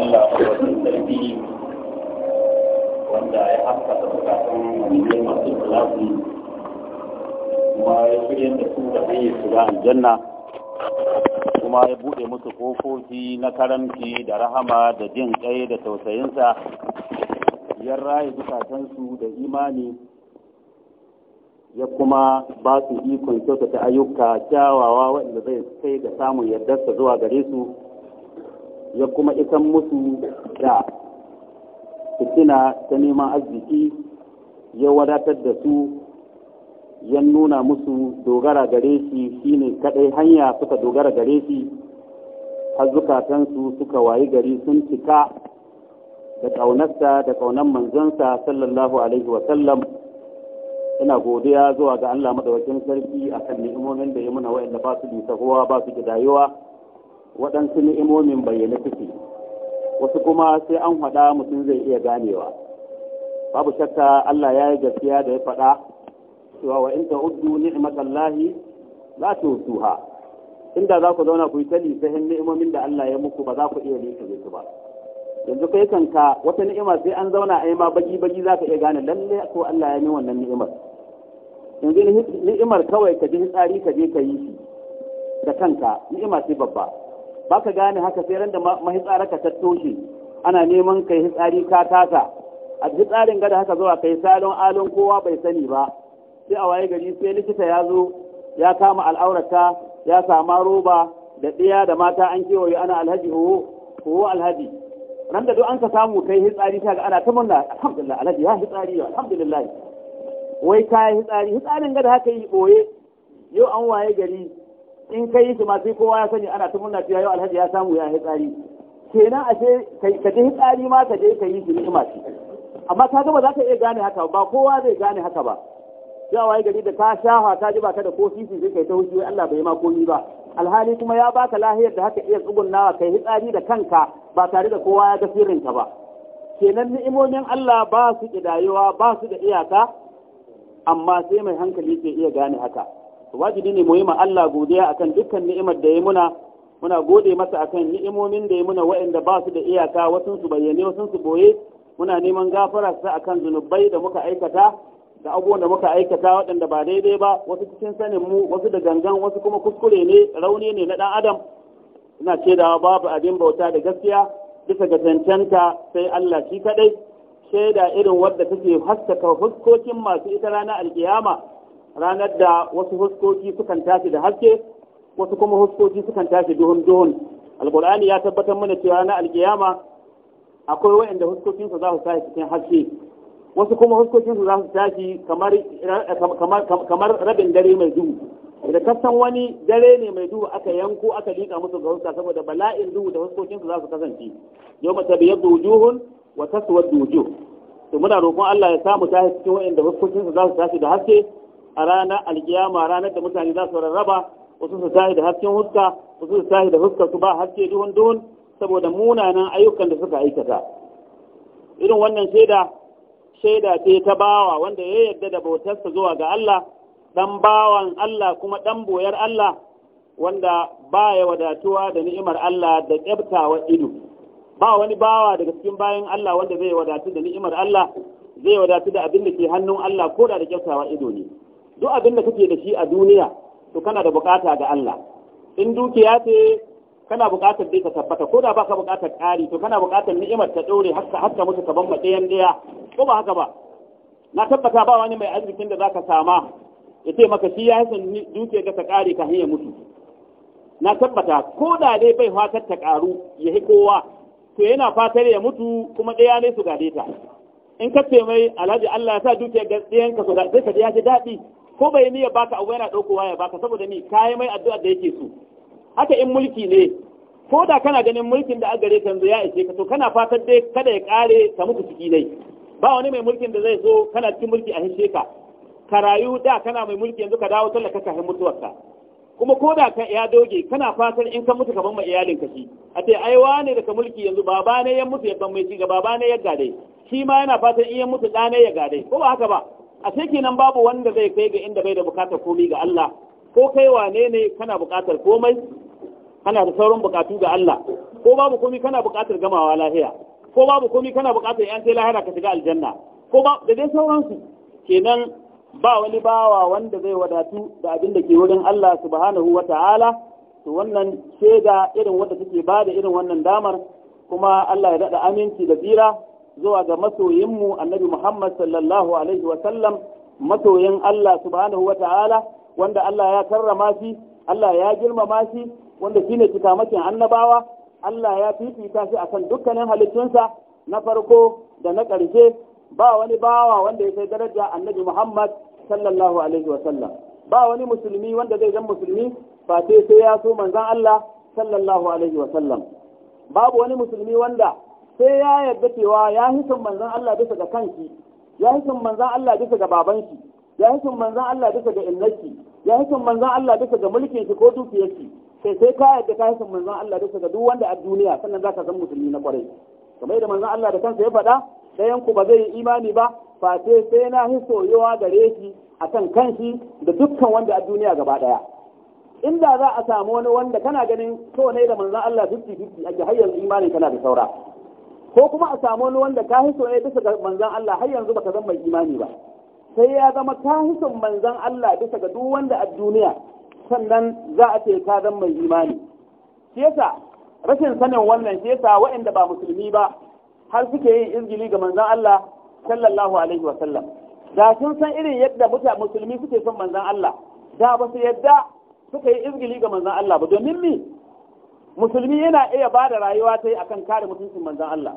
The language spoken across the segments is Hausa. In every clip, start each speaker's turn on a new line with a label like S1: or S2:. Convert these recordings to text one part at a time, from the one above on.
S1: Allah wajen sarki wanda ya haskaka bukatun wani masu ikhlasi kuma ya shirya da su da hanyar shiga aljanna kuma ya buɗe musu kofofi na karamci da rahama da jin ƙai da tausayinsa ya raye zukatansu da imani ya kuma ba su ikon kyautata ayyuka kyawawa waɗanda zai kai ga samun yardarsa zuwa gare su ya kuma isan musu da fitina ta neman arziki ya wadatar da su ya nuna musu dogara gare shi shine kadai hanya suka dogara gare shi har zukatansu suka wayi gari sun cika da ƙaunarsa da ƙaunar manzonsa sallallahu alaihi wasallam ina godiya zuwa ga Allah madawacin sarki akan ni'imomin da ya muna wa'anda ba su bisa kowa ba su gidayewa waɗansu ni'imomin bayyana suke wasu kuma sai an faɗa mutum zai iya ganewa babu shakka Allah ya yi gaskiya da ya faɗa cewa wa in ta'uddu ni'matallahi la tusuha inda za ku zauna ku yi tali sahin ni'imomin da Allah ya muku ba za ku iya leka su ba yanzu kai kanka wata ni'ima sai an zauna a yi ma baki baki za ka iya gane lalle ko Allah ya yi wannan ni'imar yanzu ni'imar kawai ka ji tsari ka je ka yi shi da kanka ni'ima sai babba ba ka gane haka sai ran da mahitsara ka tattoshe ana neman kai hitsari ka tasa a hitsarin gada haka zuwa kai salon alon kowa bai sani ba sai a waye gari sai likita ya zo ya kama al'aurata ya sama roba da tsiya da mata an kewaye ana alhaji ho ho alhaji ran da duk an ka samu kai hitsari ta ga ana ta murna alhamdulillah alhaji ya hitsari alhamdulillah wai kai hitsari hitsarin gada haka yi boye yau an waye gari in ka yi su ma sai kowa ya sani ana ta murna cewa yau alhaji ya samu ya hitsari kenan ashe ka je hitsari ma ka je ka yi su ni'ima ce amma ka ga za ka iya gane haka ba kowa zai gane haka ba ya waye gari da ka shafa ka ji baka da ko sisi sai kai ta hujjoji Allah bai ma komi ba alhali kuma ya baka lahiyar da haka iya tsugunnawa kai hitsari da kanka ba tare da kowa ya ga sirrinka ba kenan ni'imomin Allah ba su kidayewa ba su da iyaka amma sai mai hankali ke iya gane haka wajibi ne mu ma Allah godiya akan dukkan ni'imar da ya muna muna gode masa akan ni'imomin da ya muna waɗanda ba su da iyaka wasu su bayyane wasu su boye muna neman gafara sa akan zunubai da muka aikata da abubuwan da muka aikata waɗanda ba daidai ba wasu cikin sanin mu wasu da gangan wasu kuma kuskure ne rauni ne na ɗan adam ina shaidawa babu abin bauta da gaskiya bisa ga cancanta sai Allah shi kaɗai shaida irin wadda take haskaka fuskokin masu ita ranar alkiyama ranar da wasu huskoki sukan tashi da haske wasu kuma huskoki sukan tashi duhun duhun alkur'ani ya tabbatar mana cewa na alkiyama akwai wa'anda huskokinsu za su tashi cikin haske wasu kuma huskokinsu za su tashi kamar rabin dare mai duhu da kasan wani dare ne mai duhu aka yanko aka liƙa musu ga huska saboda bala'in duhu da huskokinsu za su kasance yau mata biyar wujuhun wa taswar wujuh to muna roƙon Allah ya samu tashi cikin wa'anda huskokinsu za su tashi da haske a ranar alkiyama ranar da mutane za su rarraba wasu su tashi da hasken huska wasu su tashi da huska su ba haske duhun duhun saboda munanan ayyukan da suka aikata irin wannan shaida shaida ce ta bawa wanda ya yarda da bautarsa zuwa ga Allah dan bawan Allah kuma dan boyar Allah wanda ba ya wadatuwa da ni'imar Allah da kyaftawa ido ba wani bawa daga cikin bayan Allah wanda zai wadatu da ni'imar Allah zai wadatu da abin da ke hannun Allah ko da da kyaftawa ido ne duk abin da kake da shi a duniya to kana da bukata ga Allah in dukiya ce kana bukatar dai ka tabbata ko da baka bukatar ƙari to kana bukatar ni'imar ta dore har har ka mutu kaban yan daya ko ba haka ba na tabbata ba wani mai arzikin da zaka sama ya ce maka shi ya san dukiyar ka ta ƙari ka hanyar mutu na tabbata ko da dai bai fatar ta ƙaru ya hi kowa to yana fatar ya mutu kuma ɗaya ne su gade ta in ka ce mai alhaji Allah ya sa dukiyar ga ɗayan ka su gade ka ya ji daɗi ko bai ya baka abu yana ɗaukowa ya baka saboda ni kayi mai addu'a da yake so haka in mulki ne ko da kana ganin mulkin da aka gare ka yanzu ya ishe ka to kana fatan dai kada ya kare ka muku ciki dai ba wani mai mulkin da zai zo kana cikin mulki a hishe ka ka rayu da kana mai mulki yanzu ka dawo tallaka kafin mutuwarka kuma ko da ka ya doge kana fatan in ka mutu kaman ma iyalin ka shi a ce ai wane da ka mulki yanzu baba ne ya mutu ya ban mai ci ga baba ne ya gade shi ma yana fatan in ya mutu ɗane ya gade ko ba haka ba a sai kenan babu wanda zai kai ga inda bai da bukatar komai ga Allah ko kai wane ne kana bukatar komai kana da sauran bukatu ga Allah ko babu komai kana bukatar gamawa lahiya ko babu komai kana bukatar yan sai lahara ka shiga aljanna ko ba da dai sauransu kenan ba wani bawa wanda zai wadatu da abin da ke wurin Allah subhanahu wata'ala to wannan shaida irin wanda take bada irin wannan damar kuma Allah ya dada aminci da tsira zuwa ga masoyinmu annabi Muhammad sallallahu alaihi wasallam masoyin Allah subhanahu wa ta'ala wanda Allah ya karrama shi Allah ya girmama shi wanda shine kitamakin annabawa Allah ya fifita shi kan dukkanin halittunsa na farko da na ƙarshe ba wani bawa wanda ya kai daraja annabi Muhammad sallallahu alaihi wasallam ba wani musulmi wanda zai zan musulmi face sai ya so manzon Allah sallallahu alaihi wasallam babu wani musulmi wanda sai ya yarda cewa ya hisin manzan Allah bisa ga kanki ya hisin manzan Allah bisa ga babanki ya hisin manzan Allah bisa ga illaki ya hisin manzan Allah bisa ga mulkin ki ko dukiyarki sai sai ka yarda ka hisin manzan Allah bisa ga duk wanda a duniya sannan zaka zama musulmi na kwarai kamar yadda manzon Allah da kansa ya faɗa ɗayan ku ba zai yi imani ba face sai na hiso yawa gare shi akan kanki da dukkan wanda a duniya gaba ɗaya inda za a samu wani wanda kana ganin so ne da manzon Allah 50-50 ake har yanzu imani kana da saura ko kuma a samu wani wanda ka hiso ne bisa ga manzan Allah har yanzu baka zan mai imani ba sai ya zama ka hiso manzan Allah bisa ga duk wanda a duniya sannan za a ce ka zan mai imani shi yasa rashin sanin wannan shi yasa waɗanda ba musulmi ba har suke yin izgili ga manzan Allah sallallahu alaihi wa sallam da sun san irin yadda mutane musulmi suke son manzan Allah da ba su yadda suka yi izgili ga manzan Allah ba domin me musulmi yana iya ba da rayuwa ta yi a kan kare mutuncin manzan Allah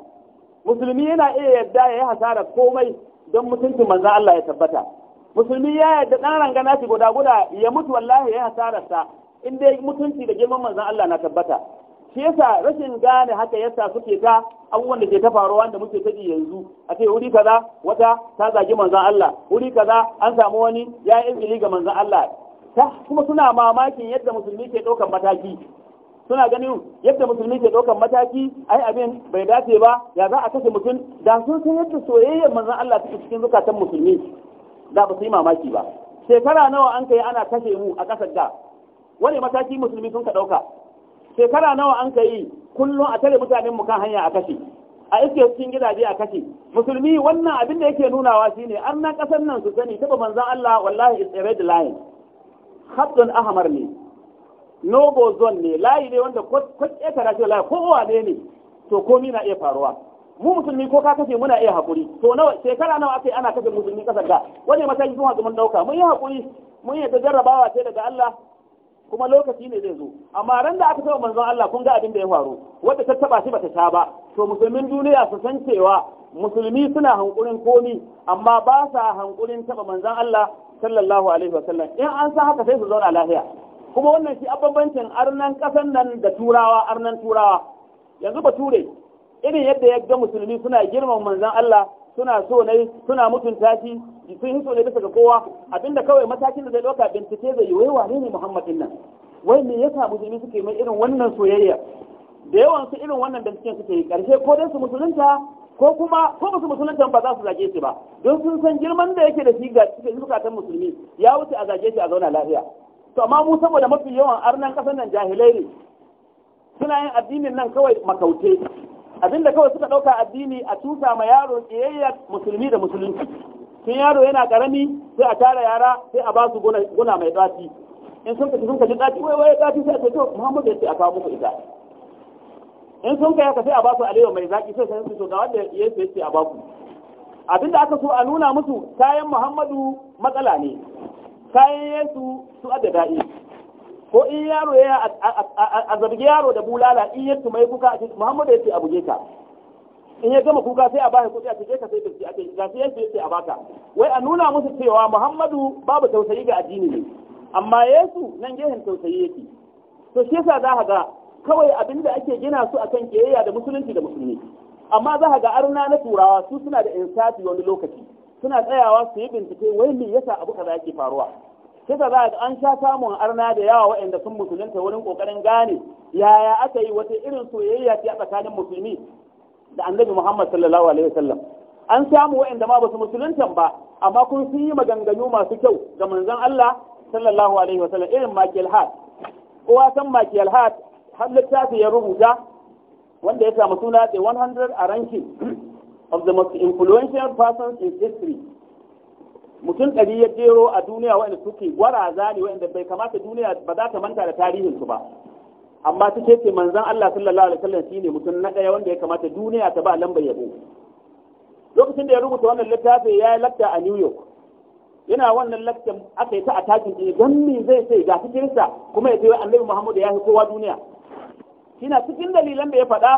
S1: musulmi yana iya yadda ya yi hasarar komai don mutuncin manzan Allah ya tabbata musulmi ya yadda ɗan rangana shi guda guda ya mutu wallahi ya yi hasarar inda in dai mutunci da girman manzan Allah na tabbata shi yasa rashin gane haka yasa suke ta abubuwan da ke ta faruwa da muke taɗi yanzu a ce wuri kaza wata ta zagi manzan Allah wuri kaza an samu wani ya yi izini ga manzan Allah kuma suna mamakin yadda musulmi ke ɗaukar mataki suna ganin yadda musulmi ke ɗaukar mataki ai abin bai dace ba ya za a kashe mutum da sun san yadda soyayyar manzon Allah take cikin zukatan musulmi da ba su yi mamaki ba shekara nawa an kai ana kashe mu a ƙasar da wani mataki musulmi sun ka ɗauka shekara nawa an kai kullum a tare mutanen mu kan hanya a kashe a iske cikin gidaje a kashe musulmi wannan abin da yake nunawa shine an na ƙasar nan su sani taba manzon Allah wallahi is a red line khatun ahmar ne nobo zone ne layi ne wanda ko ta shi layi ko wane ne to komi na iya faruwa mu musulmi ko ka kace muna iya hakuri to nawa shekara nawa akai ana kashe musulmi kasar da wani mataki kuma mun dauka mun yi hakuri mun yi jarrabawa ce daga Allah kuma lokaci ne zai zo amma ran da aka taɓa manzon Allah kun ga abin da ya faru wanda ta taba shi bata sha ba to musulmin duniya su san cewa musulmi suna hankurin komi amma ba sa hankurin taba manzon Allah sallallahu alaihi wasallam in an san haka sai su zauna lafiya kuma wannan shi abambancin arnan ƙasan nan da turawa arnan turawa yanzu bature irin yadda ya ga musulmi suna girman manzan Allah suna so ne suna mutunta shi sun so ne bisa ga kowa abinda kawai matakin da zai dauka bincike zai yi wai wane ne Muhammad nan wai me yasa musulmi suke mai irin wannan soyayya da yawan su irin wannan binciken suke yi karshe ko dan su musulunta ko kuma ko musu musulunta ba za su zage shi ba don sun san girman da yake da shi ga cikin zukatan musulmi ya wuce a zage shi a zauna lafiya to amma mu saboda mafi yawan arnan kasar nan jahilai ne suna yin addinin nan kawai makauce abinda kawai suka ɗauka addini a tusa ma yaro ƙiyayya musulmi da musulunci tun yaro yana ƙarami sai a tara yara sai a ba su guna mai dafi in sun kaci sun kaci dafi wai wai dafi sai a ce to muhammadu ya ce a kawo muku ita in sun kai haka sai a ba su alewa mai zaki sai sai to ga wanda ya ce a ba ku abinda aka so a nuna musu kayan muhammadu matsala ne kayan yansu su adda daɗi ko in yaro ya a zargi yaro da bulala in yanzu mai kuka a cikin muhammadu ya ce a buge ka in ya gama kuka sai a baka kuɗi a cikin ka sai gaske a cikin gaske yansu ya ce a baka wai a nuna musu cewa muhammadu babu tausayi ga addini ne amma yesu nan gehen tausayi yake to shi yasa za ka ga kawai abin da ake gina su a akan kiyayya da musulunci da musulmi amma za ka ga arna na turawa su suna da insafi wani lokaci suna tsayawa su yi bincike wai me yasa abu kaza yake faruwa sai za ga an sha samun arna da yawa waɗanda sun musulunta wurin kokarin gane yaya aka yi wata irin soyayya ta tsakanin musulmi da annabi Muhammad sallallahu alaihi wasallam an samu waɗanda ma basu musulunta ba amma kun sun yi maganganu masu kyau ga manzon Allah sallallahu alaihi wasallam irin Michael hat kowa san Michael har littafi ya rubuta wanda ya samu suna The 100 a ranking of the most influential persons in history mutum ɗari ya jero a duniya waɗanda suke gwaraza ne waɗanda bai kamata duniya ba za ta manta da tarihinsu ba amma su ce manzan Allah sallallahu alaihi wasallam shine mutum na ɗaya wanda ya kamata duniya ta ba lambar yabo lokacin da ya rubuta wannan littafi ya yi lakta a New York yana wannan lakta aka yi ta takin ɗin don me zai sai ga cikinsa kuma ya ce annabi Muhammadu ya fi kowa duniya shina cikin dalilan da ya faɗa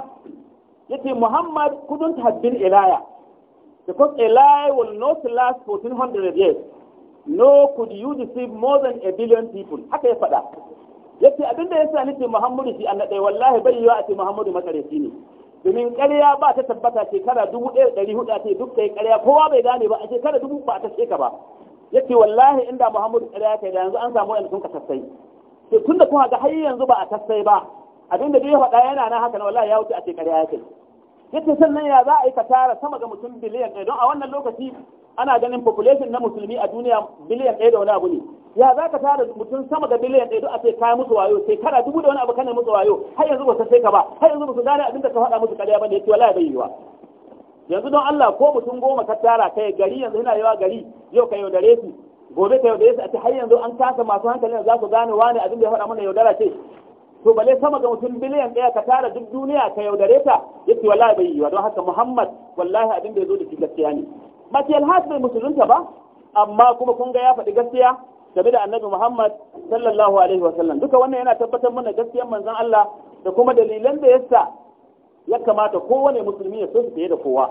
S1: yace Muhammad kudin tabbin ilaya. because Elijah will not last 1400 years no could you deceive more than a billion people haka ya faɗa yace abinda ya ni ce Muhammadu shi annadai wallahi bai yiwa a ce Muhammadu shi ne domin ƙarya ba ta tabbata shekara dubu ɗaya ɗari hudu a ce duk kai ƙarya kowa bai gane ba a shekara dubu ba ta sheka ba yace wallahi inda Muhammadu ƙarya kai da yanzu an samu yanzu sun ka tassai to tunda kuma ga har yanzu ba a tassai ba abin da ya faɗa yana na haka na wallahi ya wuce a ce ya yake yace sannan ya za a yi ka tara sama ga mutum biliyan ɗaya don a wannan lokaci ana ganin population na musulmi a duniya biliyan ɗaya da wani abu ne ya za ka tara mutum sama ga biliyan ɗaya don a ce kaya musu wayo shekara dubu da wani abu kana musu wayo har yanzu ba su sai ka ba har yanzu ba su gane abin da ka faɗa musu ƙarya ba ne yace wallahi bai yiwa yanzu don Allah ko mutum goma ka tara kai gari yanzu yana yawa gari yau ka yaudare su gobe ka yaudare su a ce har yanzu an kasa masu hankalin za su gane wani abin da ya faɗa mana yaudara ce to bale sama ga mutum biliyan ɗaya ka tara duk duniya ka yaudare ta yace wallahi bai yi wa don haka Muhammad wallahi abin da zo da shi gaskiya ne mace alhas bai musulunta ba amma kuma kun ga ya faɗi gaskiya game da annabi Muhammad sallallahu alaihi wa sallam duka wannan yana tabbatar mana gaskiyar manzon Allah da kuma dalilan da yasa ya kamata kowane musulmi ya so su fiye da kowa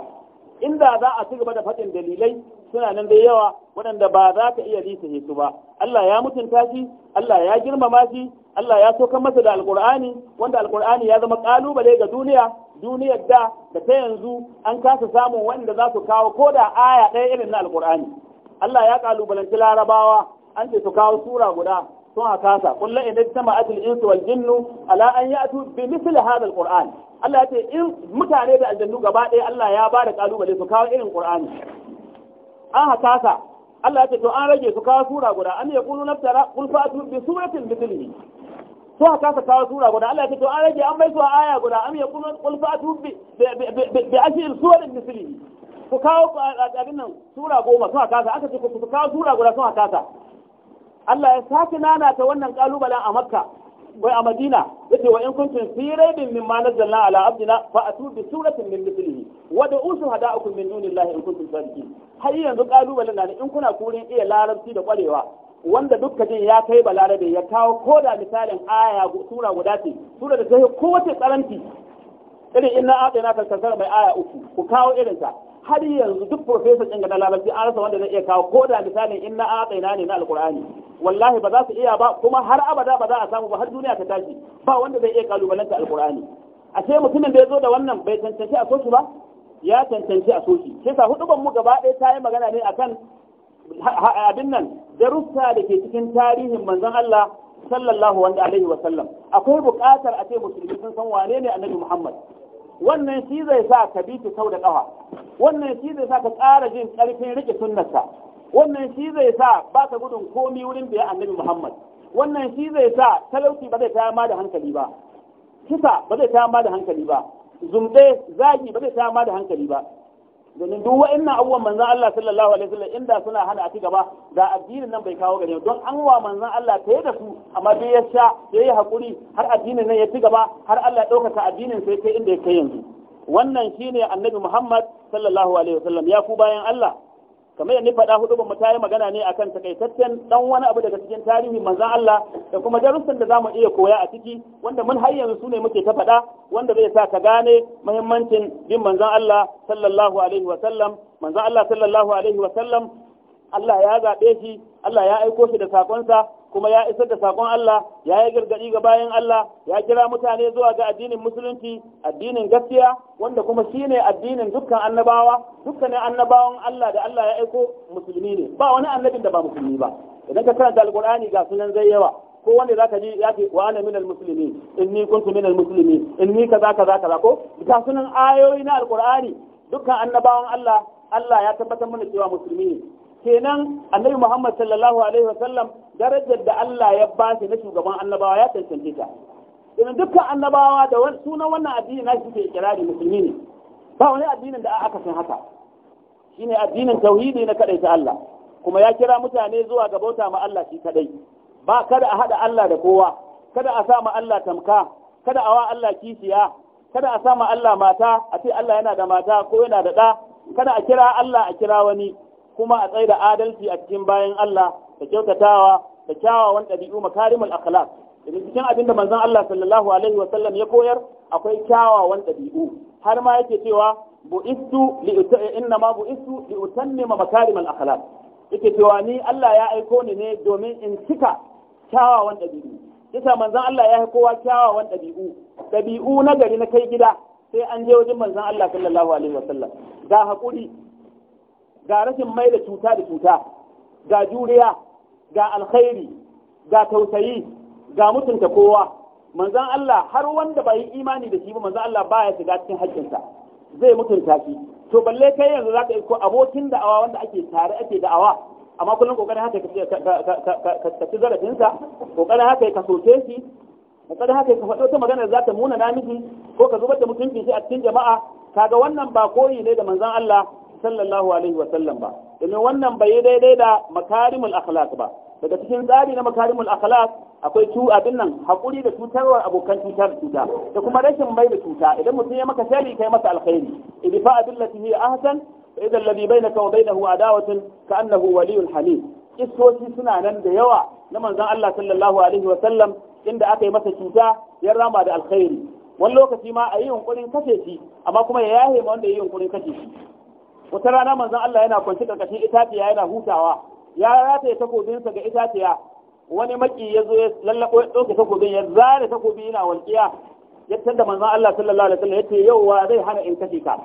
S1: inda za a ci gaba da faɗin dalilai suna nan da yawa waɗanda ba za ka iya lisa su ba Allah ya mutunta shi Allah ya girmama shi Allah ya so kan masa da alkur'ani wanda alkur'ani ya zama kalubale ga duniya duniyar da da ta yanzu an kasa samun wanda za su kawo ko da aya ɗaya irin na alkur'ani Allah ya kalubalanci larabawa an ce su kawo sura guda sun a kasa kullu inda sama ajil insu wal jinnu ala an ya'tu bi misli hadha alqur'an Allah ya ce in mutane da aljannu gaba ɗaya Allah ya ba da kalubale su kawo irin qur'ani an hakasa Allah ya ce to an rage su kawo sura guda an ya yakunu naftara qul fa'atu bi suratin mithlihi so a kasa kawo sura guda Allah ya ce to an rage an bai su aya guda am ya kuma qul fa'tu bi bi ashir suwarin mislihi ku kawo abin nan sura goma sun kasa aka ce ku kawo sura guda sun kasa Allah ya sake nana ta wannan kalubalen a Makka wai a Madina yace wa in kuntum fi raibin mimma nazzalna ala abdina fa atu bi suratin min mithlihi wa da usu hada'ukum min dunillahi in kuntum sadiqin har yanzu kalubalen nan in kuna kurin iya larabci da kwarewa wanda duka jin ya kai balarabe ya kawo ko da misalin aya sura guda ce sura da sai ko wace tsaranti. irin in na aɗe na mai aya uku ku kawo irin sa. har yanzu duk profesa din ga na an rasa wanda zai iya kawo ko da misalin in na na ne na alkur'ani wallahi ba za su iya ba kuma har abada ba za a samu ba har duniya ta tashi ba wanda zai iya alqur'ani alkur'ani ashe mutumin da ya zo da wannan bai cancanci a soshi ba ya cancanci a soshi sai sa hudu ban mu gaba ɗaya ta yi magana ne akan abin nan darussa da ke cikin tarihin manzon Allah sallallahu alaihi wa sallam akwai buƙatar a ce musulmi sun san wane ne annabi Muhammad wannan shi zai sa ka bi ta sau da ƙafa wannan shi zai sa ka ƙara jin ƙarfin rike sunnarsa wannan shi zai sa ba ka gudun komi wurin biya ya annabi Muhammad wannan shi zai sa talauci ba zai taya ma da hankali ba kisa ba zai taya ma da hankali ba zumbe zagi ba zai taya ma da hankali ba domin duk wa'annan abubuwan manzon Allah sallallahu alaihi wasallam inda suna hana a ci gaba da addinin nan bai kawo gare don an wa manzon Allah ta da su amma dai ya sha ya yi hakuri har addinin nan ya ci gaba har Allah ya ɗaukaka addinin sai kai inda ya kai yanzu wannan shine annabi Muhammad sallallahu alaihi wasallam ya ku bayan Allah kamar yadda faɗa hudu ba mu yi magana ne akan takaitaccen dan wani abu daga cikin tarihi manzon Allah da kuma darussan da zamu iya koya a ciki wanda mun har yanzu sune muke ta faɗa wanda zai sa ka gane muhimmancin bin manzon Allah sallallahu alaihi wa sallam manzon Allah sallallahu alaihi wa sallam Allah ya zaɓe shi Allah ya aiko shi da sakonsa kuma ya isar da sakon Allah ya yi gargadi ga bayan Allah ya kira mutane zuwa ga addinin musulunci addinin gaskiya wanda kuma shine addinin dukkan annabawa dukkanin annabawan Allah da Allah ya aiko musulmi ne ba wani annabin da ba musulmi ba idan ka karanta alqur'ani ga sunan zai yawa ko wanda zaka ji ya ce wa ana minal muslimin inni kuntu minal muslimin inni kaza kaza kaza ko ga sunan ayoyi na alqur'ani dukkan annabawan Allah Allah ya tabbatar mana cewa musulmi ne kenan annabi Muhammad sallallahu alaihi wasallam darajar da Allah ya ba shi na shugaban annabawa ya tantance ta idan dukkan annabawa da sunan wannan addini na shi ke kirari musulmi ne ba wani addinin da aka san haka shine addinin tauhidi na kadai ta Allah kuma ya kira mutane zuwa ga bauta ma Allah shi kadai ba kada a hada Allah da kowa kada a sa ma Allah tamka kada a wa Allah kishiya kada a sa ma Allah mata a ce Allah yana da mata ko yana da da kada a kira Allah a kira wani kuma a tsaye da adalci a cikin bayan Allah da kyautatawa da kyawawan ɗabi'u makarimul akhlaq idan cikin abin da manzon Allah sallallahu alaihi wa sallam ya koyar akwai kyawawan ɗabi'u har ma yake cewa bu'istu li inna ma bu'istu li utammima makarimul akhlaq yake cewa ni Allah ya aiko ni ne domin in cika kyawawan ɗabi'u yasa manzon Allah ya kowa kyawawan ɗabi'u ɗabi'u na gari na kai gida sai an je wajen manzon Allah sallallahu alaihi wa sallam ga haƙuri ga rashin mai da cuta da cuta ga juriya ga alkhairi ga tausayi ga mutunta kowa manzan Allah har wanda bai yi imani da shi ba manzan Allah baya shiga cikin haƙƙinsa zai mutunta shi to balle kai yanzu za ka ko abokin da'awa wanda ake tare ake da'awa amma kullum kokarin haka ka ci zarafinsa kokarin haka ka soke shi kokarin haka ka faɗo ta magana za ta muna namiji ko ka zubar da mutunci shi a cikin jama'a kaga wannan ba koyi ne da manzan Allah sallallahu alaihi wa sallam ba domin wannan bai daidai da makarimul akhlaq ba daga cikin tsari na makarimul akhlaq akwai tu abin nan hakuri da cutarwar abokan cutar cuta da kuma rashin bai da cuta idan mutum ya maka shari kai masa alkhairi idfa abillati hi ahsan idan alladhi bainaka wa bainahu adawatun annahu waliyyun halim kissoci suna nan da yawa na manzon Allah sallallahu alaihi wa sallam inda aka yi masa cuta ya rama da alkhairi wani lokaci ma a yi yunkurin kashe shi amma kuma ya yahe ma wanda ya yi yunkurin kashe shi wata rana manzon Allah yana kwanci karkashin itaciya yana hutawa ya rataye takobinsa ga itaciya wani maki ya zo ya lallako ya ɗauke takobin ya zare takobi yana walƙiya ya da manzon Allah sallallahu alaihi wasallam yace yau wa zai hana in kashe ka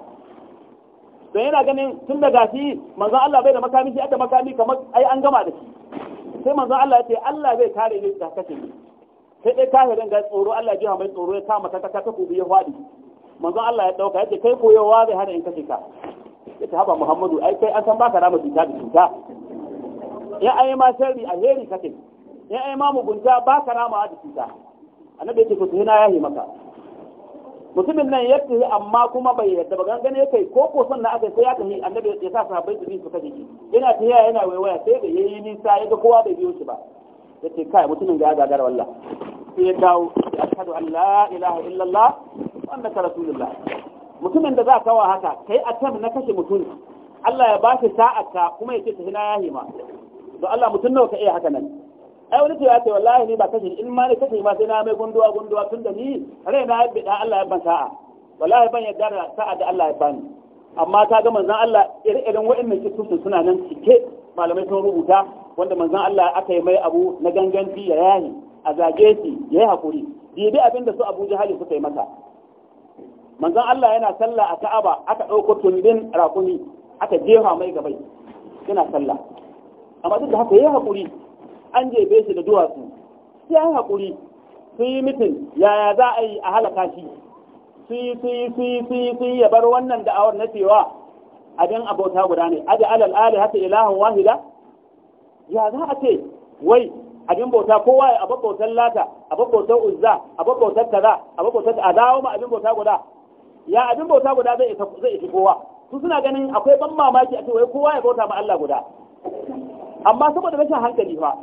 S1: don yana ganin tun da gashi manzon Allah bai da makami shi da makami kamar ai an gama da shi sai manzon Allah yace Allah zai kare ni da kashe ni sai dai kafirin ga tsoro Allah jiha mai tsoro ya kama ta ta takobi ya faɗi manzon Allah ya ɗauka, yace kai koyowa zai hana in kashe ka ya ta muhammadu ai kai an san ba ka rama cuta da cuta ya ai ma sharri heri kake ya ai ma mugunta ka rama da cuta annabi yake kusa sai yahi maka mutumin nan ya tafi amma kuma bai yadda ba gangan ya kai ko ko sannan na aka sai ya tafi annabi ya sa sahabbai su su kaje ki yana tafiya yana waiwaya sai da yayi nisa ya ga kowa bai biyo shi ba yace kai mutumin ga ya gagara wallah sai ya dawo ya ashhadu an la ilaha illallah wa annaka rasulullah mutumin da za ka wa haka kai attempt na kashe mutum Allah ya ba shi kuma ya ce ta hina yahi ma to Allah mutum nawa ka iya haka nan ai wani ya ce wallahi ni ba kashe in ma ne kashe ma sai na mai gunduwa gunduwa tun da ni rai na yabbe da Allah ya ban sa'a wallahi ban yadda da sa'a da Allah ya bani amma ta ga manzon Allah irin waɗannan wa'annan kitabun suna nan cike malamai sun rubuta wanda manzon Allah aka yi mai abu na ganganci ya yahi a zage shi ya yi hakuri dibi abin da su Abu Jahali suka yi mata manzon Allah yana sallah a Ka'aba aka ɗauko tundin rakumi aka jefa mai gabai yana sallah amma duk da haka yayi hakuri an jebe shi da duwatsu sai yayi hakuri su yi mitin yaya za a yi a halaka shi su yi su yi su yi su yi su yi ya bar wannan da'awar na cewa abin abota guda ne aji alal ali hata ilahun wahida ya za a ce wai abin bauta kowa ya abin bautar lata abin bautar uzza abin bautar kaza abin bautar a dawo ma abin bauta guda ya abin bauta guda zai isa zai kowa su suna ganin akwai ban mamaki a cewa kowa ya bauta ma Allah guda amma saboda rashin hankali fa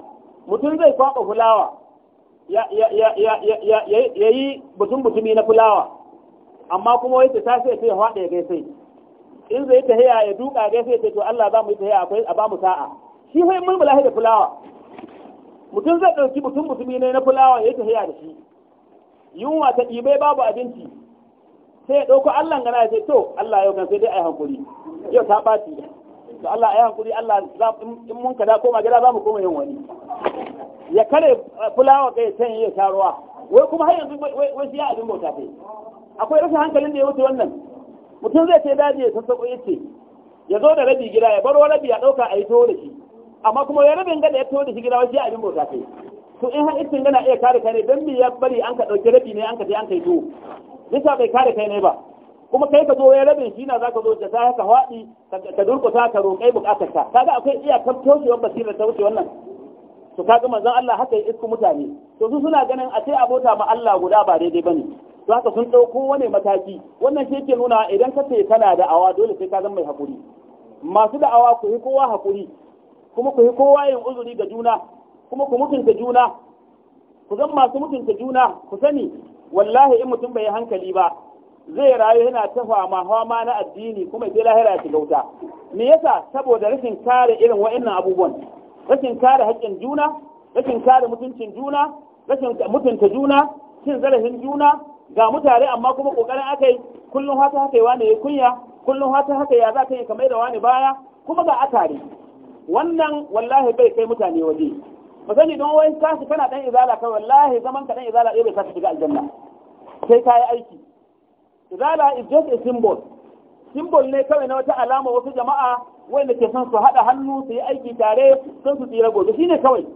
S1: mutum zai kwaba fulawa ya ya ya ya ya ya yi butun butumi na fulawa amma kuma wai ta sai hwa da ya gaisai in zai ta haya ya duka gaisai sai to Allah za mu yi ta haya akwai a ba mu sa'a shi fa mulmula da fulawa mutum zai ɗauki butun butumi ne na fulawa ya ta haya da shi yunwa ta ɗibai babu abinci sai ya ɗauko Allah gana ya ce to Allah yau kan sai dai a yi hankuri yau ta ɓaci to Allah a yi hankuri Allah in mun kada koma gida za mu koma yin wani ya kare eh, fulawa kai sai ya sha ruwa wai kuma har yanzu wai ya abin bauta kai akwai rashin hankalin da ya wuce wannan mutum zai ce daji ya sassaƙo ya ce ya zo da rabi gida ya baro rabi ya ɗauka a yi to da shi amma kuma ya rabin gada ya to da shi gida wai ya abin bauta kai to in har itin gana iya kare kare don me ya bari an ka ɗauki rabi ne an ka je an ka yi to nisa bai kare kai ne ba kuma kai ka zo ya rabin shi na za ka zo da ta ka haɗi ka durkuta ka roƙai buƙatar ka kaga akwai iyakar toshewar basira ta wuce wannan to kaga manzon Allah haka ya isku mutane to su suna ganin a ce abota ma Allah guda ba daidai bane to haka sun ɗauko wani mataki wannan shi yake nuna idan ka ce kana awa dole sai ka zama mai hakuri masu da awa ku yi kowa hakuri kuma ku yi kowa yin uzuri ga juna kuma ku mutunta juna ku zan masu mutunta juna ku sani wallahi in mutum bai yi hankali ba zai rayu yana ta fama fama na addini kuma sai lahira ya shiga wuta me yasa saboda rashin kare irin wa'annan abubuwan rashin kare haƙƙin juna rashin kare mutuncin juna rashin mutunta juna cin zarafin juna ga mutane amma kuma kokarin akai kullum hata haka yawa ne kunya kullum hata haka ya za ka yi kamar da wani baya kuma ga akari wannan wallahi bai kai mutane waje ba sani don wani kasu kana dan izala kai wallahi zaman ka dan izala ɗaya bai kasu shiga aljanna sai ka yi aiki izala is just a symbol symbol ne kawai na wata alama wasu jama'a wanda ke son su haɗa hannu su yi aiki tare sun su tsira gobe ne kawai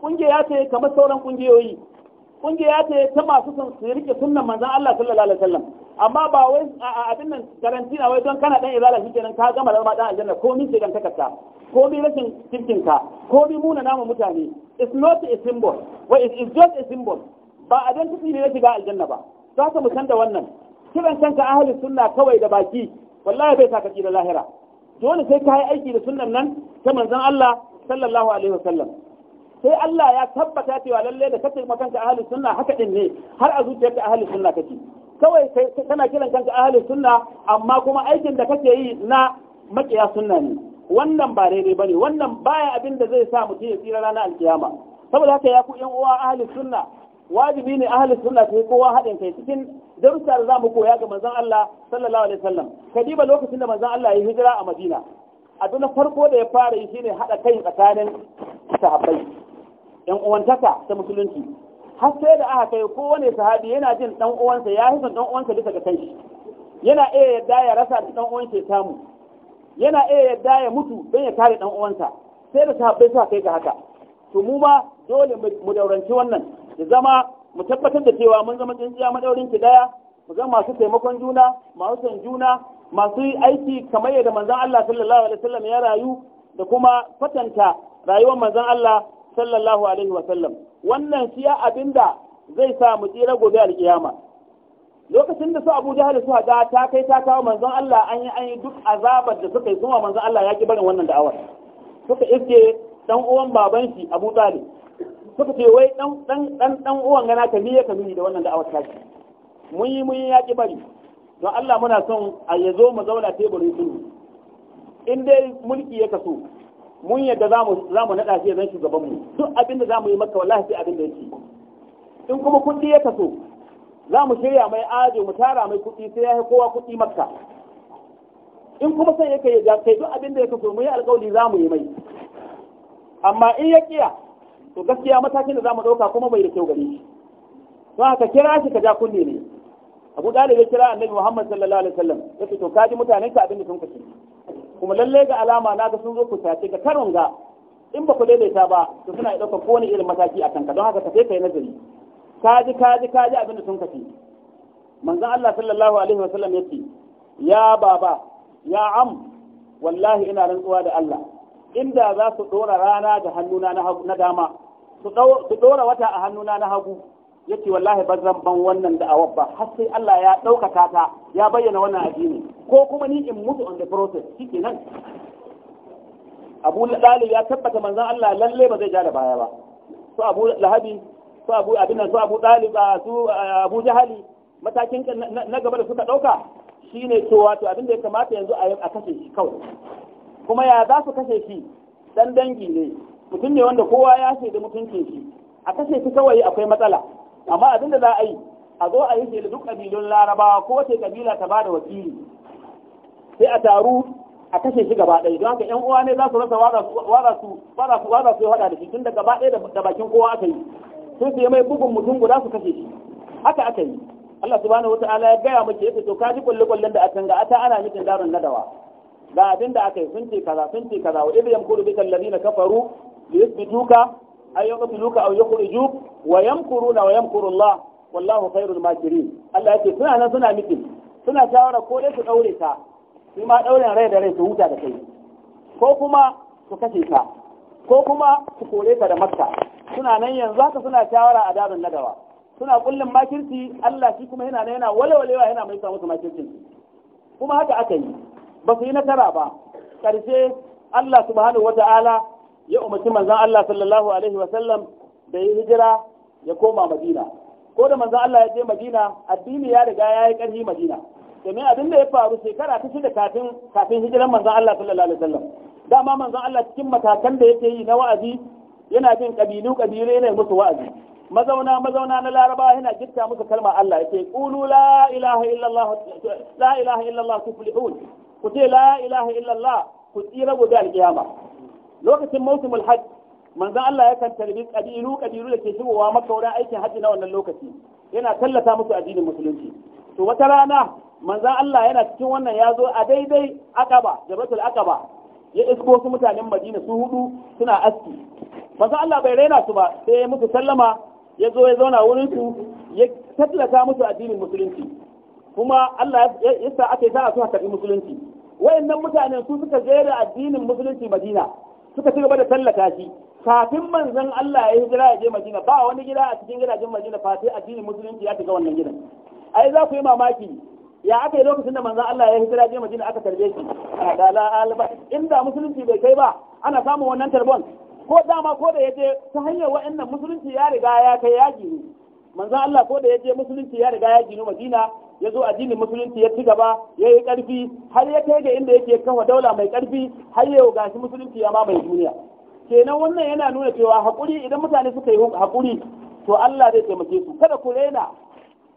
S1: kungiya ce kamar sauran kungiyoyi kungiya ce ta masu son su rike sunnan manzon Allah sallallahu alaihi wasallam amma ba wai a abin nan garanti na wai don kana dan izala shikenan ka gama zama dan aljanna ko min sai dan takarta ko bi rashin kirkinka ko bi muna nama mutane it's not a symbol wai it is just a symbol ba a don tafi ne shiga aljanna ba za ka mu da wannan kiran kanka ahli sunna kawai da baki wallahi bai sa kaki da lahira dole sai ka yi aiki da sunnan nan ta manzon Allah sallallahu alaihi wasallam sai Allah ya tabbata cewa lalle da kace kanka ahli sunna haka din ne har a zuciyarka ahli sunna kake kawai kana kiran kanka ahli sunna amma kuma aikin da kake yi na makiya sunna ne wannan ba daidai ba ne wannan baya abin da zai sa mutum ya tsira ranar alkiyama saboda haka ya ku yan uwa ahli sunna wajibi ne ahli sunna ta kowa haɗin kai cikin darussa da zamu koya ga manzon Allah sallallahu alaihi wasallam kadiba lokacin da manzon Allah ya hijira a Madina na farko da ya fara yi shine haɗa kai tsakanin sahabbai yan uwantaka ta musulunci har sai da aka kai kowane sahabi yana jin dan uwansa ya hisan dan uwansa bisa ga kai yana iya yadda ya rasa dan uwansa ya samu yana iya yadda ya mutu don ya kare dan uwansa sai da sahabbai suka kai ga haka to mu ma dole mu dauranci wannan ya zama mu tabbatar da cewa mun zama tsintsiya madaurin ki daya mu zama masu taimakon juna masu son juna masu aiki kamar yadda manzon Allah sallallahu alaihi wasallam ya rayu da kuma kwatanta rayuwar manzon Allah sallallahu alaihi wasallam wannan shi abinda zai sa mu tsira gobe alkiyama lokacin da su abu da su haga ta kai ta kawo manzon Allah an yi duk azabar da suka yi kuma manzon Allah ya ki barin wannan da'awar suka iske dan uwan baban shi Abu Talib suka ce wai dan dan uwan gana ka miye ka miye da wannan da'awar ta mun yi mun yi ya ki bari don Allah muna son a zo mu zauna teburin sulhu in dai mulki ya kaso mun yadda za mu za mu nada shi zan shugaban mu duk abin da za mu yi maka wallahi sai abin da yake in kuma kundi ya kaso za mu shirya mai ajiye mu tara mai kuɗi sai ya kowa kuɗi makka in kuma sai yake ya kai duk abin da ya kaso mu yi alƙawari za mu yi mai amma in ya kiya to gaskiya matakin da za mu ɗauka kuma mai da kyau gare shi to haka kira shi ka ja kunne ne abu dalib ya kira annabi muhammad sallallahu alaihi wasallam ya ce to ka ji mutanen ka abin da sun kace kuma lalle ga alama na ga sun zo ku sace ga karon ga in ba ku daidaita ba to suna ɗaukar kowane irin mataki a kanka don haka ka sai ka nazari kaji kaji kaji abin da sun kace manzon Allah sallallahu alaihi wasallam yace ya baba ya am wallahi ina rantsuwa da Allah inda za su dora rana da hannuna na dama su dora wata a hannuna na hagu yace wallahi ba zan ban wannan da ba har sai Allah ya ɗaukaka ta ya bayyana wannan addini ko kuma ni in mutu on the process shikenan Abu Dalib ya tabbata manzon Allah lalle ba zai ja da baya ba to Abu Lahabi su abu abin su abu su abu jahali matakin na gaba da suka dauka shine cewa to abin da ya kamata yanzu a kashe shi kawai kuma ya za su kashe shi dan dangi ne mutum ne wanda kowa ya ce da mutuncin shi a kashe shi kawai akwai matsala amma abin da za a yi a zo a yi shi da duk kabilun larabawa ko wace kabila ta bada wakili sai a taru a kashe shi gaba ɗaya don haka yan uwa ne za su rasa waza su waza su waza su da shi tun da gaba ɗaya da bakin kowa aka yi sun su mai bugun mutum guda su kashe shi haka aka yi Allah subhanahu wataala ya gaya miki yace to kaji kullu kullun da akan ga ata ana nufin darun nadawa ga abin da aka yi sun ce kaza sun ce kaza wa yamkuru bika alladhina kafaru liyuthbituka ay yuqtiluka aw yukhrijuk wa yamkuruna wa yamkuru Allah wallahu khairul makirin Allah yace suna nan suna miki suna shawara ko dai su daure ta shi ma dauren rai da rai su huta da kai ko kuma su kashe ka ko kuma su kore ka da makka suna nan yanzu haka suna shawara a darin na gaba suna kullum makirci Allah shi kuma yana nan yana walwalewa yana mai sa musu makircin kuma haka aka yi ba su yi nasara ba karshe Allah subhanahu wata'ala ya umarci manzon Allah sallallahu alaihi wa sallam da ya hijira ya koma Madina ko da manzon Allah ya je Madina addini ya riga ya yi ƙarfi Madina domin abin da ya faru shekara ta shida kafin kafin hijiran manzon Allah sallallahu alaihi wasallam dama manzon Allah cikin matakan da yake yi na wa'azi yana bin kabilu kabilu yana musu wa'azi mazauna mazauna na laraba yana gitta musu kalma Allah yake qulu la ilaha illallah la ilaha illallah tuflihun ku ce la ilaha illallah ku tsira gobe alkiyama lokacin mawsimul hajj manzon Allah yakan tarbi kabilu kabilu da ke shigowa maka wurin aikin hajji na wannan lokaci yana tallata musu addinin musulunci to wata rana manzon Allah yana cikin wannan ya zo a daidai akaba jabatul akaba ya isko su mutanen madina su hudu suna aski masu Allah bai raina su ba sai ya musu sallama ya zo ya zauna wurin su ya tallata musu addinin musulunci kuma Allah ya sa aka yi za a so karbi musulunci wayannan mutanen su suka jera addinin musulunci Madina suka ci gaba da tallata shi kafin manzon Allah ya hijira ya je Madina ba wani gida a cikin gidajen Madina fa sai addinin musulunci ya shiga wannan gidan ai za ku yi mamaki ya aka yi lokacin da manzon Allah ya hijira ya je Madina aka tarbe shi da alba inda musulunci bai kai ba ana samun wannan tarbon ko dama ko da yaje ta hanyar wa'annan musulunci ya riga ya kai ya ginu manzon Allah ko da yaje musulunci ya riga ya ginu Madina ya zo addinin musulunci ya ci gaba ya yi ƙarfi har ya kai ga inda yake kafa daula mai ƙarfi har yau gashi musulunci ya ma mai duniya kenan wannan yana nuna cewa haƙuri idan mutane suka yi hakuri to Allah zai taimake su kada ku rena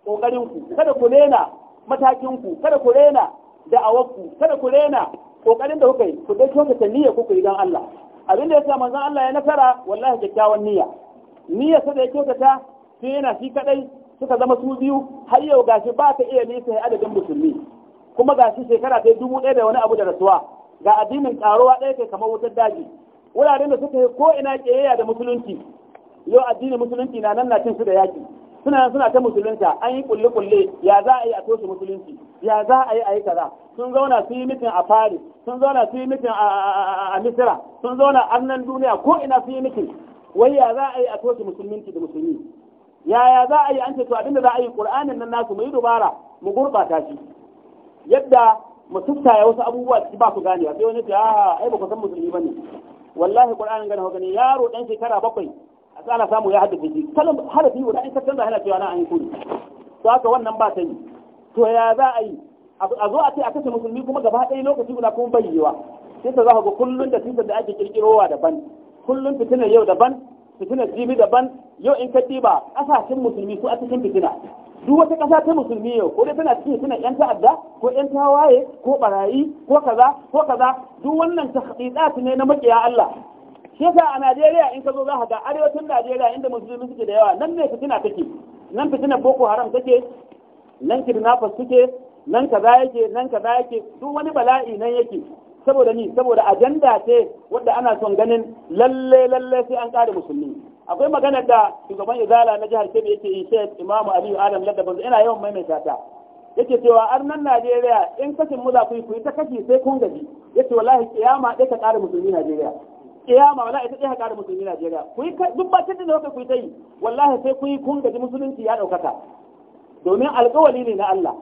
S1: ku kada ku rena ku kada ku rena da'awarku kada ku rena ƙoƙarin da kuka yi ku dai kyautata niyyar ku ku yi dan Allah abin da ya sa manzon Allah ya nasara wallahi kyakkyawan niyya niyya sa da ya kyautata su yana shi kadai suka zama su biyu har yau gashi ba ta iya nisa adadin musulmi kuma gashi shekara ta dubu ɗaya da wani abu da rasuwa ga addinin karuwa ɗaya kai kamar wutar daji wuraren da suka yi ko ina ƙiyayya da musulunci yau addinin musulunci na nan na cin su da yaki suna suna ta musulunta an yi kulle kulle ya za a yi a toshe musulunci ya za a yi a yi kaza sun zauna su yi mitin a Paris sun zauna su yi mitin a Misira sun zauna nan duniya ko ina su yi mitin wai ya za a yi a toshe musulunci da musulmi yaya za a yi an ce to abinda za a yi Qur'anin nan nasu mu yi dubara mu gurbata shi yadda mu ya wasu abubuwa ciki ba su gane sai wani ce a ai ba ku san musulmi bane wallahi Qur'anin gane haka gani yaro dan shekara bakwai ana samu ya haddace shi kalan harafi guda in ka canza yana cewa na an yi kuri to haka wannan ba ta yi to ya za a yi a zo a ce a kashe musulmi kuma gaba ɗaya lokaci guda kuma bai yiwa sai ta za ka ga kullun da fitar da ake kirkirowa daban kullun fitinar yau daban fitinar jibi daban yau in ka ɗiba ƙasashen musulmi su a cikin fitina duk wata ƙasa ta musulmi yau ko dai tana cikin suna yan ta'adda ko yan tawaye ko barayi ko kaza ko kaza duk wannan tahqiqat ne na makiya Allah shi yasa a Najeriya in ka zo za ka ga arewacin Najeriya inda musulmi suke da yawa nan ne fitina take nan fitina Boko Haram take nan kidnappers suke nan kaza yake nan kaza yake duk wani bala'i nan yake saboda ni saboda ajanda ce wadda ana son ganin lalle lalle sai an kare musulmi akwai maganar da shugaban izala na jihar Kebbi yake yi Sheikh Imam Aliyu Adam Ladaban ina yawan maimaita ta yake cewa an nan Najeriya in kashin mu za ku ku ta kashi sai kun gaji yace wallahi kiyama dai ka kare musulmi Najeriya kiyama wala ita ta kare musulmi Najeriya ku yi duk ba da kuka ku ta yi wallahi sai ku yi kun gaji musulunci ya daukata domin alƙawari ne na Allah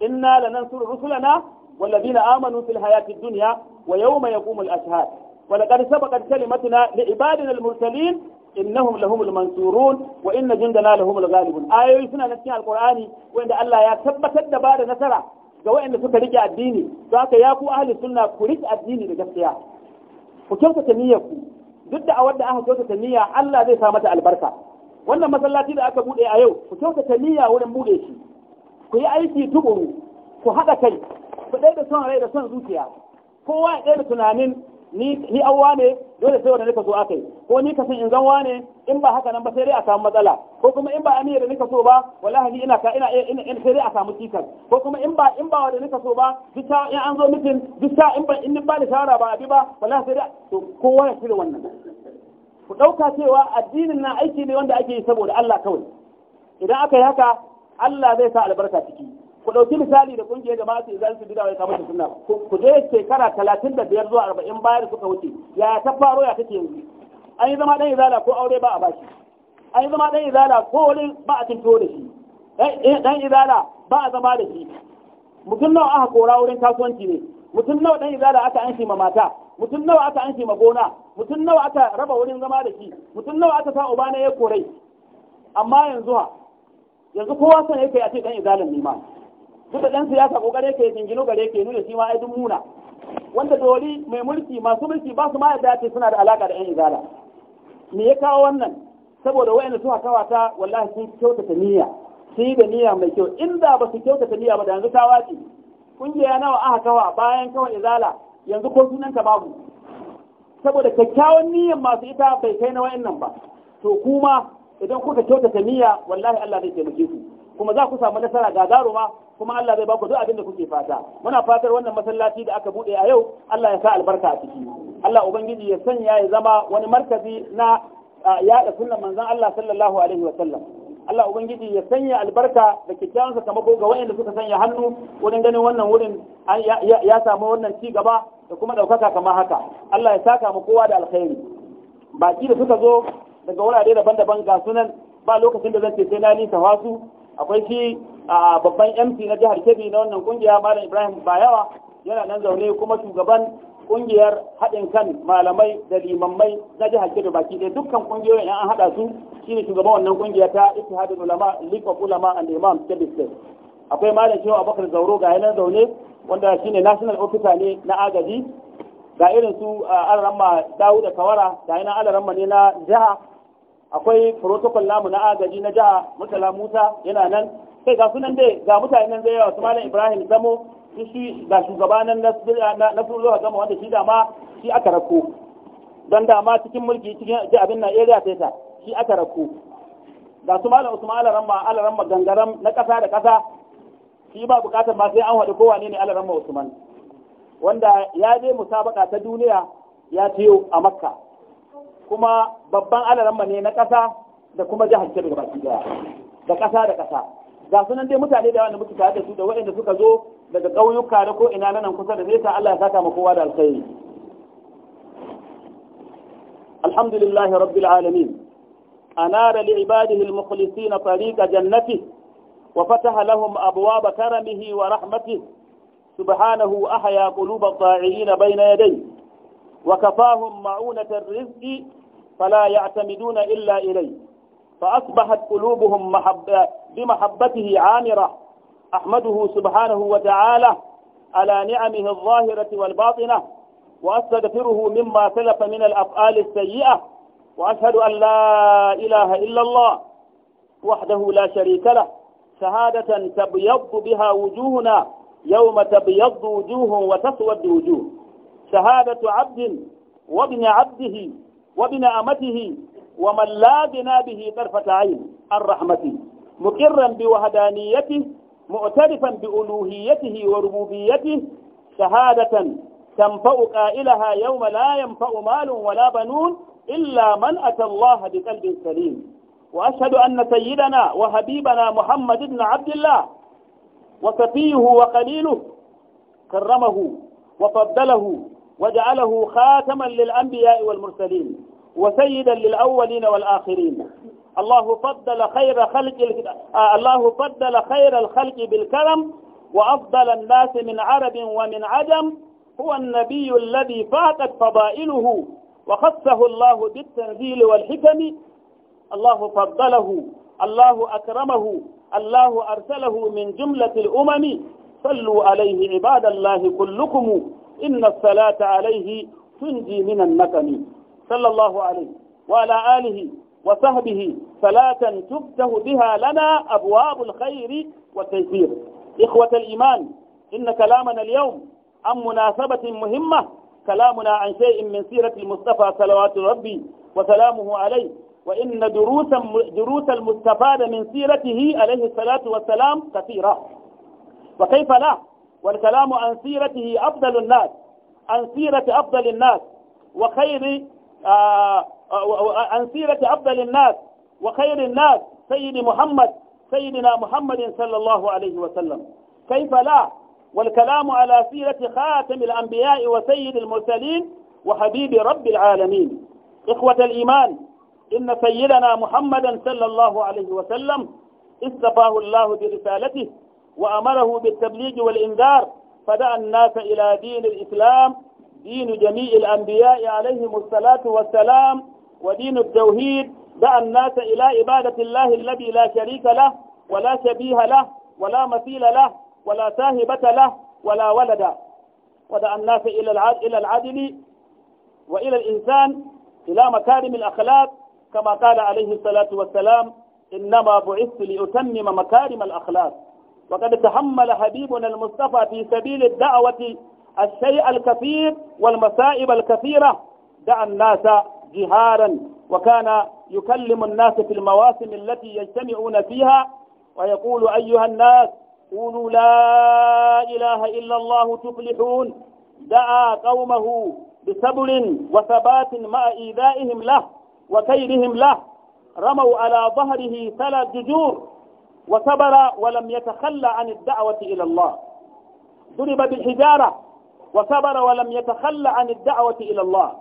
S1: inna lanansuru rusulana walladina amanu fil hayati dunya wa yawma yaqumul ashhad wa laqad sabaqat kalimatuna li ibadina al mursalin innahum lahumul mansurun wa inna na lahumul galibin. ayoyi suna na cikin alqur'ani wanda Allah ya tabbatar da bada nasara ga waɗanda suka rike addini to haka ya ku ahli sunna ku rike addini da gaskiya ku kyautata ku duk da a da aka kyautata niyya Allah zai sa mata albarka wannan masallaci da aka bude a yau ku kyautata niyya wurin bude shi ku yi aiki tukuru ku haɗa kai ku ɗaya da son rai da son zuciya kowa ya ɗaya da tunanin ni ni awwa ne dole sai wanda nika so akai ko ni ka san in zan wane in ba haka nan ba sai dai a samu matsala ko kuma in ba aniyar da nika so ba wallahi ina ka ina in sai dai a samu cikas ko kuma in ba in ba wanda nika so ba duk ta in an zo mutum duk ta in ba in ba da shawara ba abi ba wallahi sai dai to kowa ya shirya wannan ku dauka cewa addinin na aiki ne wanda ake yi saboda Allah kawai idan aka yi haka Allah zai sa albarka ciki ku ɗauki misali da ƙungiyar da masu izan su bida wai kamar suna. ku je shekara talatin da biyar zuwa arba'in bayan suka wuce ya ta faro ya take yanzu an yi zama ɗan izala ko aure ba a bashi an yi zama ɗan izala ko wani ba a tinto da shi ɗan izala ba a zama da shi mutum nawa aka kora wurin kasuwanci ne mutum nawa ɗan izala aka an shi ma mata mutum nawa aka an shi ma gona mutum nawa aka raba wurin zama da shi mutum nawa aka sa uba na ya korai amma yanzu ha yanzu kowa son yake a ce ɗan izalan ne ma duk ɗan siyasa gare ke jinginu gare ke nuna shi ma ai duk muna wanda doli mai mulki masu mulki ba su ma yadda suna da alaka da yan izala me ya kawo wannan saboda wayanda suka kawata wallahi sun kyautata niyya sun yi da niyya mai kyau inda ba su kyautata niyya ba da yanzu ta wace kungiya nawa aka kawa bayan kawai izala yanzu ko sunanta babu saboda kyakkyawan niyyar masu ita bai kai na wayannan ba to kuma idan kuka kyautata niyya wallahi Allah zai taimake ku kuma za ku samu nasara gagaruma kuma Allah zai baku duk abin da kuke fata muna fatar wannan masallaci da aka bude a yau Allah ya sa albarka a ciki Allah ubangiji ya sanya ya zama wani markazi na yaɗa sunnan manzon Allah sallallahu alaihi wa sallam Allah ubangiji ya sanya albarka da kyakkyawan sakamako ga wayanda suka sanya hannu wurin ganin wannan wurin ya samu wannan ci gaba da kuma daukaka kamar haka Allah ya saka mu kowa da alkhairi baki da suka zo daga wurare daban-daban ga sunan ba lokacin da zan ce sai na nisa wasu akwai shi a babban mc na jihar kebi na wannan kungiya malam ibrahim bayawa yana nan zaune kuma shugaban kungiyar haɗin kan malamai da limammai na jihar kebi baki ɗaya dukkan kungiyoyin an haɗa su shine shugaban wannan kungiya ta ittihadul ulama league of ulama and imam kebbi state akwai malam shehu abubakar zauro ga yanar zaune wanda shine national officer ne na agaji ga irin su alarama dawu da kawara ga yana alarama ne na jiha akwai protocol namu na agaji na jiha mutala musa yana nan kai ga sunan dai ga mutanen yi yawa su malam ibrahim zamo su shi ga shugabanin na zuwa Zama, wanda shi dama shi aka rako don dama cikin mulki cikin abin na area ta, shi aka rako ga su malam usman alaramma alaramma gangaram na kasa da kasa shi ba bukatar ma sai an haɗu kowa ne ne alaramma usman wanda ya je musabaka ta duniya ya tiyo a makka kuma babban alaramma ne na kasa da kuma jihar kebbi gabaki daya da kasa da kasa ga sunan dai mutane da wanda muke tare da su da waɗanda suka zo daga ƙauyuka da ko ina nan kusa da nesa Allah ya saka mu kowa da alkhairi alhamdulillahi rabbil alamin anara li ibadihi almukhlisina tariqa jannati wa fataha lahum abwaba karamihi wa rahmatihi subhanahu ahya quluba أحيا bayna yaday wa kafahum وكفاهم معونة الرزق فلا يعتمدون إلا إليه فأصبحت قلوبهم محبة بمحبته عامرة أحمده سبحانه وتعالى على نعمه الظاهرة والباطنة وأستغفره مما سلف من الأفعال السيئة وأشهد أن لا إله إلا الله وحده لا شريك له شهادة تبيض بها وجوهنا يوم تبيض وجوه وتسود وجوه شهادة عبد وابن عبده وابن أمته ومن لا بنا به طرفة عين عن رحمته مقرا بوحدانيته معترفا بألوهيته وربوبيته شهادة تنفع قائلها يوم لا ينفع مال ولا بنون إلا من أتى الله بقلب سليم وأشهد أن سيدنا وحبيبنا محمد بن عبد الله وسفيه وقليله كرمه وفضله وجعله خاتما للأنبياء والمرسلين وسيدا للأولين والآخرين الله فضل خير خلق آه، الله فضل خير الخلق بالكرم وأفضل الناس من عرب ومن عجم هو النبي الذي فاتت فضائله وخصه الله بالتنزيل والحكم الله فضله الله أكرمه الله أرسله من جملة الأمم صلوا عليه عباد الله كلكم إن الصلاة عليه تنجي من النكم صلى الله عليه وعلى آله وسهبه صلاة تفتح بها لنا أبواب الخير والتيسير إخوة الإيمان إن كلامنا اليوم عن مناسبة مهمة كلامنا عن شيء من سيرة المصطفى صلوات ربي وسلامه عليه وإن دروس دروس المستفادة من سيرته عليه الصلاة والسلام كثيرة وكيف لا والكلام عن سيرته أفضل الناس عن سيرة أفضل الناس وخير آه عن سيرة أفضل الناس وخير الناس سيد محمد سيدنا محمد صلى الله عليه وسلم كيف لا والكلام على سيرة خاتم الأنبياء وسيد المرسلين وحبيب رب العالمين إخوة الإيمان إن سيدنا محمدا صلى الله عليه وسلم استفاه الله برسالته وأمره بالتبليغ والإنذار فدعا الناس إلى دين الإسلام دين جميع الأنبياء عليهم الصلاة والسلام ودين التوحيد دعا الناس إلى عبادة الله الذي لا شريك له ولا شبيه له ولا مثيل له ولا صاحبة له ولا ولد ودعا الناس إلى العدل وإلى الإنسان إلى مكارم الأخلاق كما قال عليه الصلاة والسلام إنما بعثت لأتمم مكارم الأخلاق وقد تحمل حبيبنا المصطفى في سبيل الدعوة الشيء الكثير والمصائب الكثيرة دعا الناس جهارا وكان يكلم الناس في المواسم التي يجتمعون فيها ويقول أيها الناس قولوا لا إله إلا الله تفلحون دعا قومه بسبل وثبات مع إيذائهم له وكيرهم له رموا على ظهره ثلاث جذور وصبر ولم يتخلى عن الدعوة إلى الله ضرب بالحجارة وصبر ولم يتخلى عن الدعوة إلى الله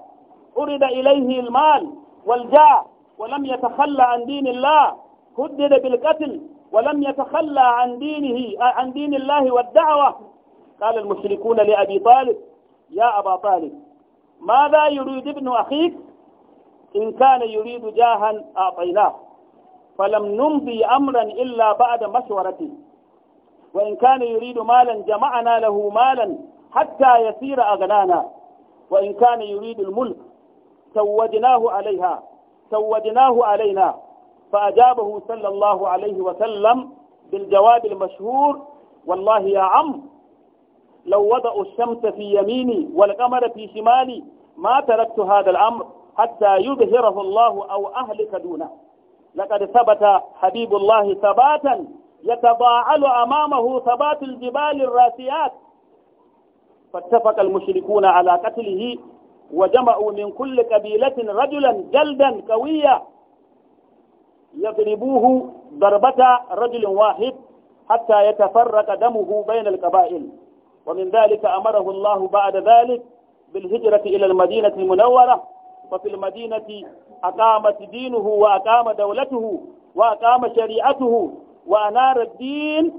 S1: أرد إليه المال والجاه ولم يتخلى عن دين الله هدد بالقتل ولم يتخلى عن دينه آه، عن دين الله والدعوة قال المشركون لأبي طالب يا أبا طالب ماذا يريد ابن أخيك إن كان يريد جاها أعطيناه فلم نمضي أمرا إلا بعد مشورته وإن كان يريد مالا جمعنا له مالا حتى يسير أغنانا وإن كان يريد الملك سودناه عليها سودناه علينا فأجابه صلى الله عليه وسلم بالجواب المشهور والله يا عم لو وضعوا الشمس في يميني والقمر في شمالي ما تركت هذا الأمر حتى يظهره الله أو أهلك دونه لقد ثبت حبيب الله ثباتا يتضاعل أمامه ثبات الجبال الراسيات فاتفق المشركون على قتله وجمعوا من كل قبيلة رجلا جلدا قويا يضربوه ضربة رجل واحد حتى يتفرق دمه بين القبائل ومن ذلك أمره الله بعد ذلك بالهجرة إلى المدينة المنورة وفي المدينة أقامت دينه وأقام دولته وأقام شريعته وأنار الدين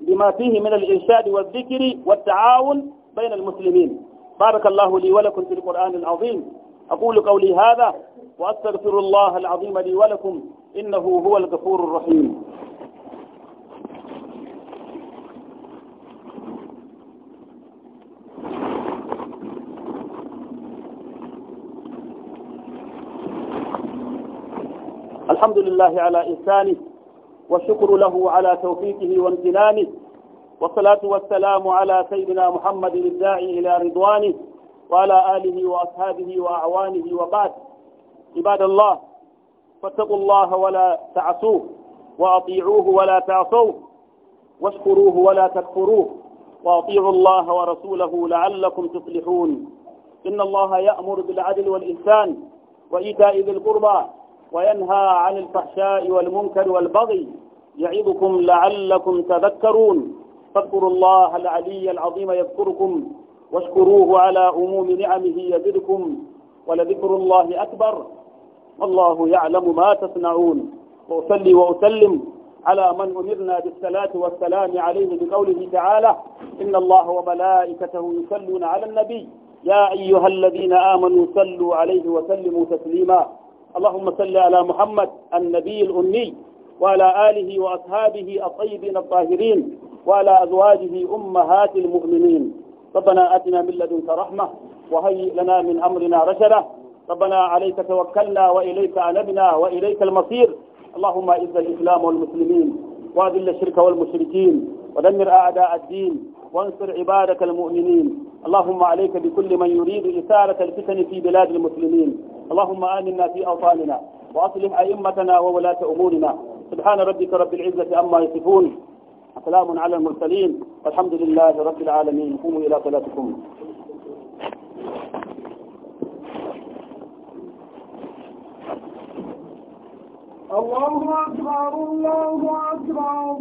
S1: بما فيه من الإرشاد والذكر والتعاون بين المسلمين بارك الله لي ولكم في القرآن العظيم أقول قولي هذا وأستغفر الله العظيم لي ولكم إنه هو الغفور الرحيم الحمد لله على إحسانه والشكر له على توفيقه وامتنانه والصلاة والسلام على سيدنا محمد الداعي إلى رضوانه وعلى آله وأصحابه وأعوانه وبعد عباد الله فاتقوا الله ولا تعصوه وأطيعوه ولا تعصوه واشكروه ولا تكفروه وأطيعوا الله ورسوله لعلكم تصلحون إن الله يأمر بالعدل والإحسان وإيتاء ذي القربى وينهى عن الفحشاء والمنكر والبغي يعظكم لعلكم تذكرون فاذكروا الله العلي العظيم يذكركم واشكروه على أموم نعمه يزدكم ولذكر الله أكبر والله يعلم ما تصنعون وأصلي وأسلم على من أمرنا بالصلاة والسلام عليه بقوله تعالى إن الله وملائكته يصلون على النبي يا أيها الذين آمنوا صلوا عليه وسلموا تسليما اللهم صل على محمد النبي الأمي وعلى آله وأصحابه الطيبين الطاهرين وعلى أزواجه أمهات المؤمنين ربنا أتنا من لدنك رحمة وهيئ لنا من أمرنا رشدا ربنا عليك توكلنا وإليك أنبنا وإليك المصير اللهم إذ الإسلام والمسلمين وأذل الشرك والمشركين ودمر أعداء الدين وانصر عبادك المؤمنين اللهم عليك بكل من يريد إثارة الفتن في بلاد المسلمين اللهم آمنا في أوطاننا وأصلح أئمتنا وولاة أمورنا سبحان ربك رب العزة أما يصفون سلام على المرسلين والحمد لله رب العالمين قوموا إلى
S2: صلاتكم
S3: الله أكبر الله أكبر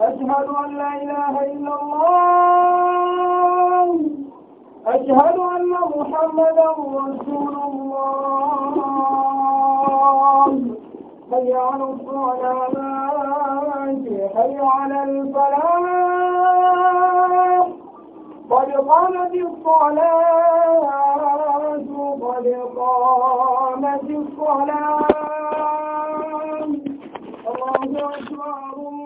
S3: أشهد أن لا إله إلا الله أشهد أن محمدا رسول الله حي على الصلاة حي على الفلاح قد قامت الصلاة قد قامت
S2: الصلاة الله أكبر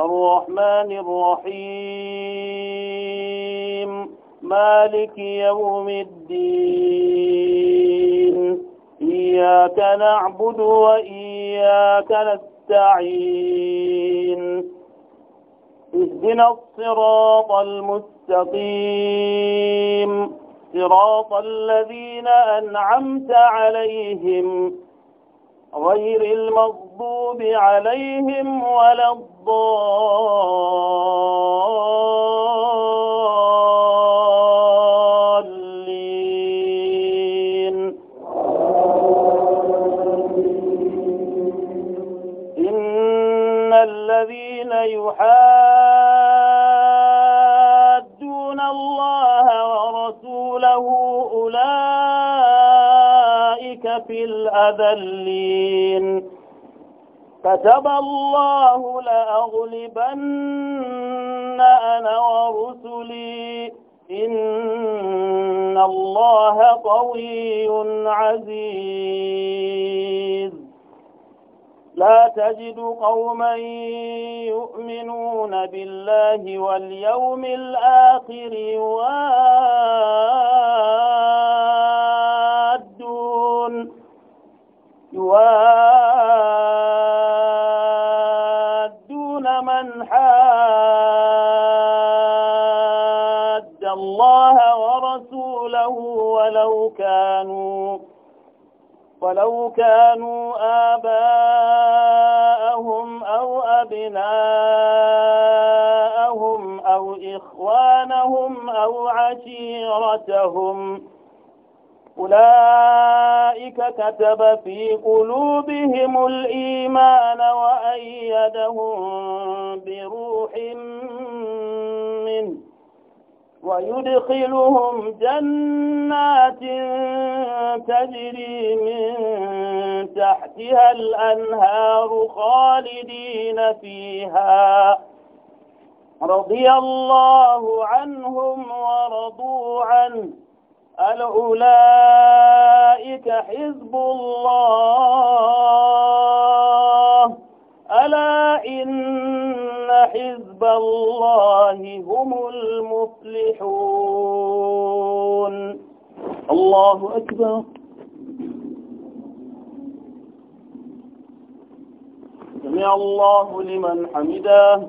S3: الرحمن الرحيم مالك يوم الدين إياك نعبد وإياك نستعين اهدنا الصراط المستقيم صراط الذين أنعمت عليهم غير المغضوب عليهم ولا الضالين في الأذلين كتب الله لأغلبن أنا ورسلي إن الله قوي عزيز لا تجد قوما يؤمنون بالله واليوم الآخر يوان يوادون من حاد
S2: الله
S3: ورسوله ولو كانوا ولو كانوا آباءهم أو أبناءهم أو إخوانهم أو عشيرتهم أولئك كتب في قلوبهم الإيمان وأيدهم بروح منه ويدخلهم جنات تجري من تحتها الأنهار خالدين فيها رضي الله عنهم ورضوا عنه ألا أولئك حزب الله ألا إن حزب الله هم المفلحون الله أكبر سمع الله لمن حمده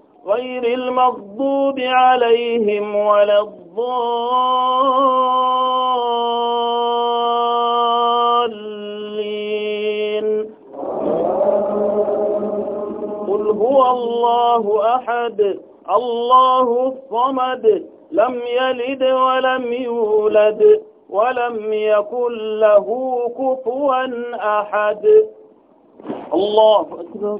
S3: غير المغضوب عليهم ولا الضالين قل هو الله أحد الله الصمد لم يلد ولم يولد ولم يكن له كفوا أحد الله أكبر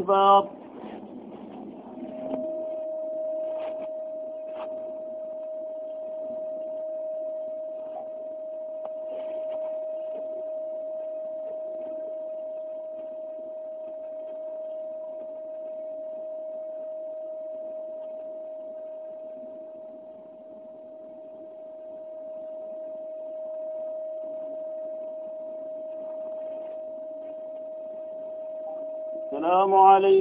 S3: أكبر